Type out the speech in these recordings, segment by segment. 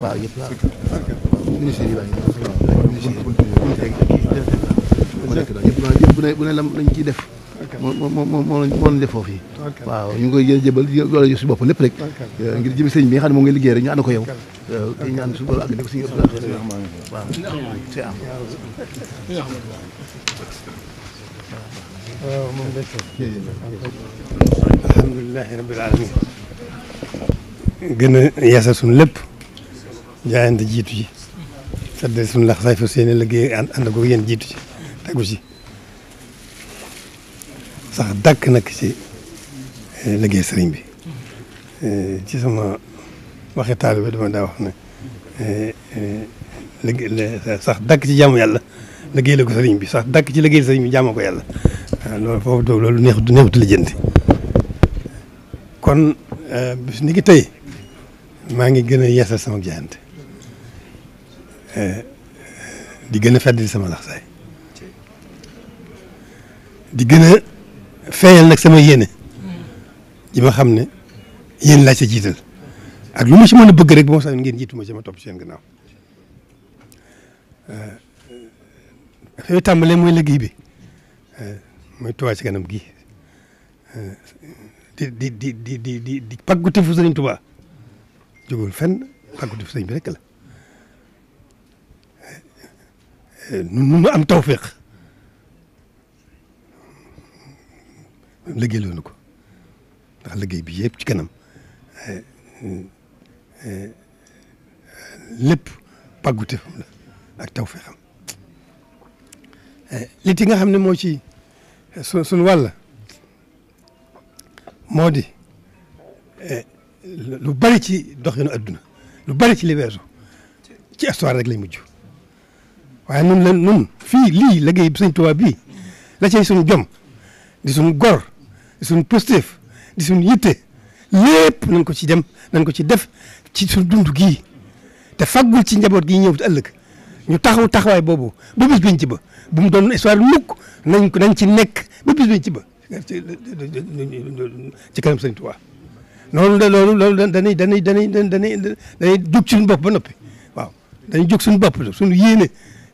waaw yëpp la ministère bu lañ ciy def moo moo moo lañ def foofu yi waaw ñu ngi koy jëbal loolu si bopp lépp rek euh, ngir jëm sëñ bi nga ne moom nga liggéey rek ñu ànd ko yow ñu euh, ñaan su borom àgg ne ko suñu ëpp waaw c'est am waaw moom alhamdulilahi rabbil gën a yeesal suñu lépp jaayante jiitu ci sadde suñu lax saay fas yéene liggéey ànd ko yéen jiitu ci tegu ci sax dàkk nag ci eh, liggéey sëriñ bi eh, sama waxi taalibe dama eh, sax dàkk ci jaamu yàlla liggéey la ko sëriñ bi sax dàkk ci liggéey sëriñ bi jaamoo ko yàlla waaw ah, loolu foofu doo loolu neexut neexut lijjanti kon bis ni ki maa ngi gën a yeesal sama jaayante di gën a feddali sama laxsaay di gën a feeñal nag sama yéene ji ma xam ne yéen laa sa jiital ak lu ma ci mën a bëgg rek ba ma sax ngeen jiitu ma ci ma topp seen gannaaw dafay euh, tàmbalee mooy liggéey bi euh, mooy Touba ci kanam gi euh, di di di di di di pàggute fu sëriñ Touba jógul fenn pàggute fu sëriñ bi نون ام توفيق لقي له نكو لقي بيه بتكنم لب باغوت اك توفيق لي تيغا خامني موشي سون سون والا مودي لو باري تي دوخينو ادنا لو باري تي لي ويزو تي استوار رك لي مديو waaye nun la nun fii lii liggéey bi sëñ Tuubaa bi la cay suñu jom di suñu gor di suñu positif di suñu yitte lépp nañ ko ci dem nañ ko ci def ci suñu dund gii te faggul ci njaboot gii ñëw ëllëg ñu taxaw taxawaay boobu ba bis biñ ci ba bu mu doon histoire mukk nañ ko nañ ci nekk ba bis biñ ci ba ci kanam sëñ Tuubaa noonu la loolu loolu dañuy dañuy dañuy dañuy dañuy jóg suñu bopp ba noppi waaw dañuy jóg suñu bopp suñu yéene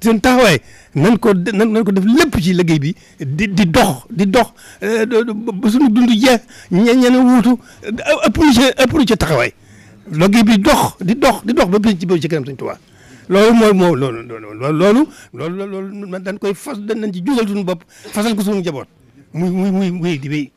seen taxawaay nan ko nan ko def lepp ci liggéey bi di di dox di dox euh, ba suñu dundu jeex ñenn ñeneen wuutu euh, ëpp lu ci ëpp lu ci taxawaay liggéey bi dox di dox di dox ba bi ci ba ci kanam Sëñ Tuubaa loolu lolu lolu lolu loolu loolu loolu dañ koy fas dañ ci jugal suñu bop fasal ko suñu njaboot muy muy muy muy di wéy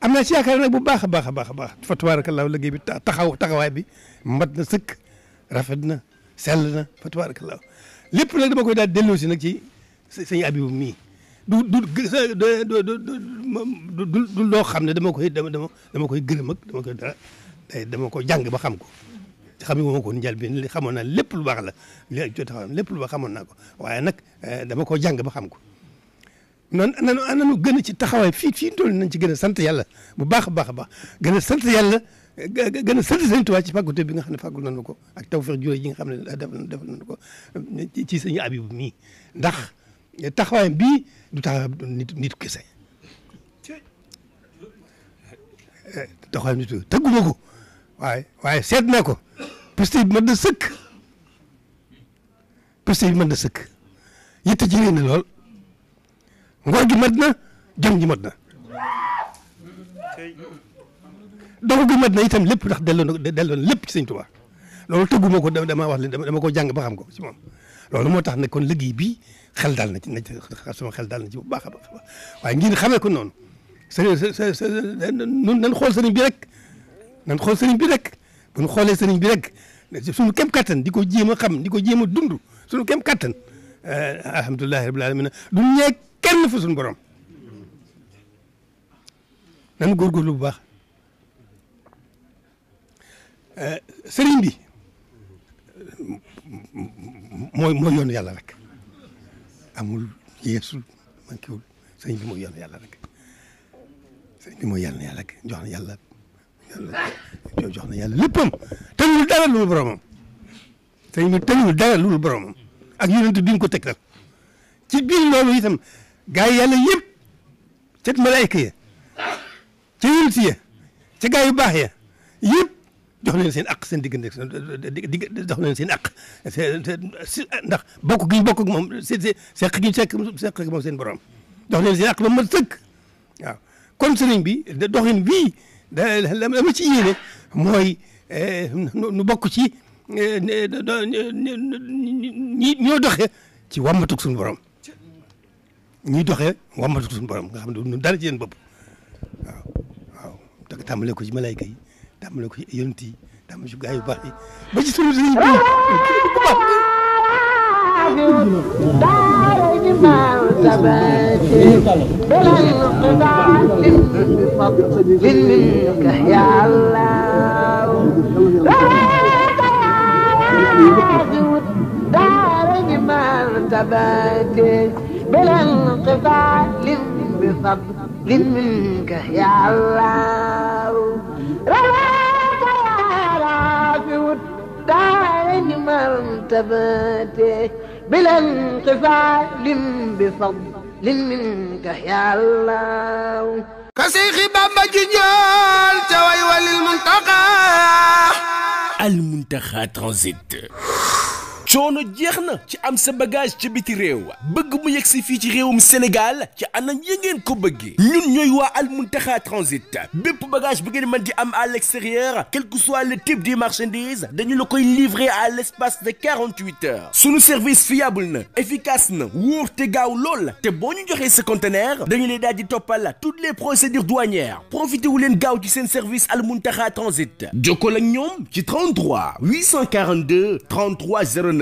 am naa si yaakaar bu baax a baax a baax a baax fa tabaarakallaahu liggéey bi taxaw taxaway bi mat na seuk rafet na sel na fa tabaarakallaahu lépp nag dama koy daal delloo si nag ci sëñ Abibu mii du du du du du loo xam ne dama koy dama dama koy gërëm ak dama koy dara dama ko jàng ba xam ko xam nga moo ko njëlbéen li xamoon na lépp lu baax la li jot a lépp lu baax xamoon naa ko waaye nag eh, dama ko jàng ba xam ko noonu nanu nanu gën a ci taxawaay fii fii toll nañ ci gën a sant yàlla bu baax a baax a baax gën a sant yàlla gën a sant sëñ Tuubaa ci fàggute bi nga xam ne fàggul nañu ko ak tawfeex jure yi nga xam ne def nañu ko ci sëñ Abibu mi ndax taxawaayam bii du taxawaay nit nit kese taxawaayam nit tëgguma ko waaye waaye seet naa ko piste bi mën na sëkk piste bi mën na sëkk yitte ci réew na lool ngor gi mat na jom ji mat na dogu gi mat na itam lépp ndax delloo na delloo na lépp ci sëñ Tuubaa loolu tëggu ma ko dama wax dama ko jàng ba xam ko ci moom loolu moo tax ne kon liggéey bi xel daal na ci na ci xel daal na bu baax a waaye ngeen xamee ko noonu sëriñ nun nan xool sëriñ bi rek nan xool sëriñ bi rek bu xoolee sëriñ bi rek suñu kem kattan di ko jéem a xam di ko jéem a dund suñu kem kattan eh, alhamdulilahi rabbil alamin du ñee kenn fa suñu borom nan góorgóorlu lu baax sëriñ bi mooy mooy yoonu yàlla amul yeesul bi mooy yoonu yàlla rek sëriñ bi mooy yàlla yàlla rek jox na yàlla jox na yàlla léppam tënul dara boromam sëriñ bi tënul dara lu boromam ak yonent bi ko tegtal ci biir loolu itam gaa yi yàlla yëpp ca malaayka ya ca yonent ya ca gaa yu jox leen seen àq seen diggante jox leen seen àq ndax bokk gi ñu bokk ak moom se seq gi ñu seq seq ak moom seen borom jox leen seen àq ba mu kon sëriñ bi doxin bii da la ma ci yéene mooy eh, nu bokk ci eh, ñi ñoo doxee ci wàmmatug suñu borom ñi doxee wàmmatug suñu borom nga xam ne dara ci seen bopp waaw tàmbale ko ci malayka yi tàmbale ko ci yonent yi tàmbale ci gaa yu baax yi ba ci sunu sëriñ bi ku baax بلا انقطاع ثباته بلا انقفال بفضل منك يا الله كسيخ بابا جنيال توي وللمنتقى المنتخى ترانزيت coono jeex na ci am sa bagage ci biti réew bëgg mu yegg si fii ci réewum Sénégal ci anam ya ngeen ko bëggee ñun ñooy waa Al Muntaha Transit bépp bagage bi ngeen mën di am à l'extérieur quel que soit le type de marchandise dañu la koy livrer à l'espace de 48 heures sunu service fiable na efficace na wóor te gaaw lool te boo ñu joxee sa conteneur dañu lay daal di toppal toutes les procédures douanières profité wu leen gaaw ci seen service Al Muntaha Transit jokkoo ak ñoom ci 33 842 33 09